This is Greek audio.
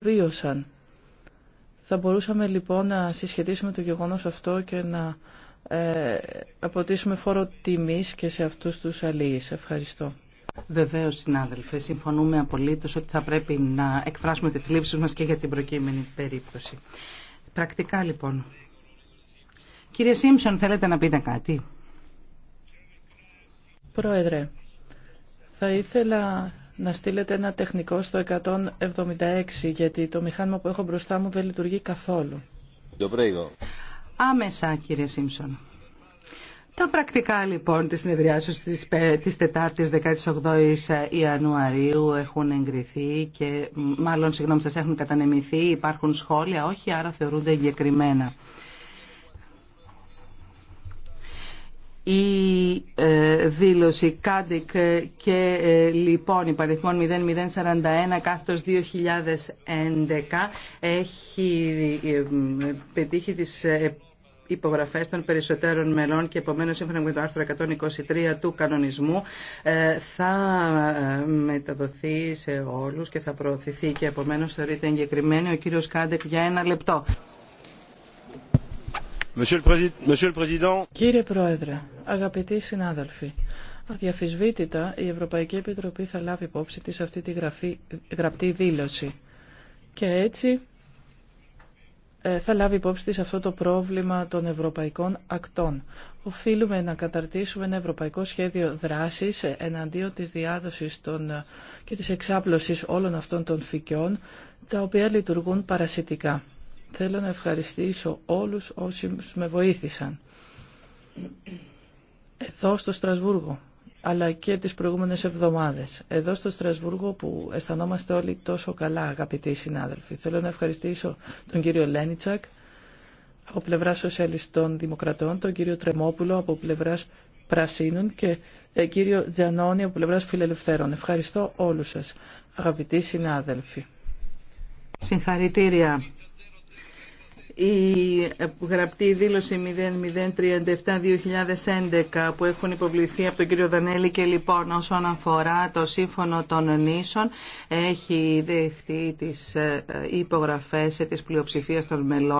βίωσαν. Θα μπορούσαμε λοιπόν να συσχετίσουμε το γεγονός αυτό και να ε, αποτίσουμε φόρο τιμής και σε αυτούς τους αλίες. Ευχαριστώ. Βεβαίως, συνάδελφε, συμφωνούμε απολύτως ότι θα πρέπει να εκφράσουμε τη θλίψη μας και για την προκείμενη περίπτωση. Πρακτικά, λοιπόν. Κύριε Σίμψον, θέλετε να πείτε κάτι. Πρόεδρε, θα ήθελα να στείλετε ένα τεχνικό στο 176 γιατί το μηχάνημα που έχω μπροστά μου δεν λειτουργεί καθόλου. Άμεσα κύριε Σίμψον. Τα πρακτικά λοιπόν της συνεδριάσεως της, της Τετάρτης 18ης Ιανουαρίου έχουν εγκριθεί και μάλλον συγγνώμη σας έχουν κατανεμηθεί, υπάρχουν σχόλια, όχι άρα θεωρούνται εγκεκριμένα. η ε, δήλωση Κάντικ και ε, λοιπόν η υπαριθμών 0041 κάθετος 2011 έχει ε, πετύχει τις υπογραφέ των περισσότερων μελών και επομένω σύμφωνα με το άρθρο 123 του κανονισμού θα μεταδοθεί σε όλους και θα προωθηθεί και επομένω θεωρείται εγκεκριμένη ο κύριος Κάντεκ για ένα λεπτό. Κύριε Πρόεδρε, αγαπητοί συνάδελφοι, αδιαφυσβήτητα η Ευρωπαϊκή Επιτροπή θα λάβει υπόψη της αυτή τη γραπτή δήλωση και έτσι ε, θα λάβει υπόψη της αυτό το πρόβλημα των ευρωπαϊκών ακτών. Οφείλουμε να καταρτήσουμε ένα ευρωπαϊκό σχέδιο δράσης εναντίον της διάδοσης ε, και της εξάπλωσης όλων αυτών των φυκιών, τα οποία λειτουργούν παρασιτικά. Θέλω να ευχαριστήσω όλους όσοι με βοήθησαν εδώ στο Στρασβούργο αλλά και τις προηγούμενες εβδομάδες. Εδώ στο Στρασβούργο που αισθανόμαστε όλοι τόσο καλά, αγαπητοί συνάδελφοι. Θέλω να ευχαριστήσω τον κύριο Λένιτσακ από πλευρά Σοσιαλιστών Δημοκρατών, τον κύριο Τρεμόπουλο από πλευρά Πρασίνων και τον ε, κύριο Τζανόνι από πλευρά Φιλελευθέρων. Ευχαριστώ όλους σας, αγαπητοί συνάδελφοι. Συγχαρητήρια η γραπτή δήλωση 0037-2011 που έχουν υποβληθεί από τον κύριο Δανέλη και λοιπόν όσον αφορά το σύμφωνο των νήσων έχει δεχτεί τις ε, ε, υπογραφές της πλειοψηφίας των μελών.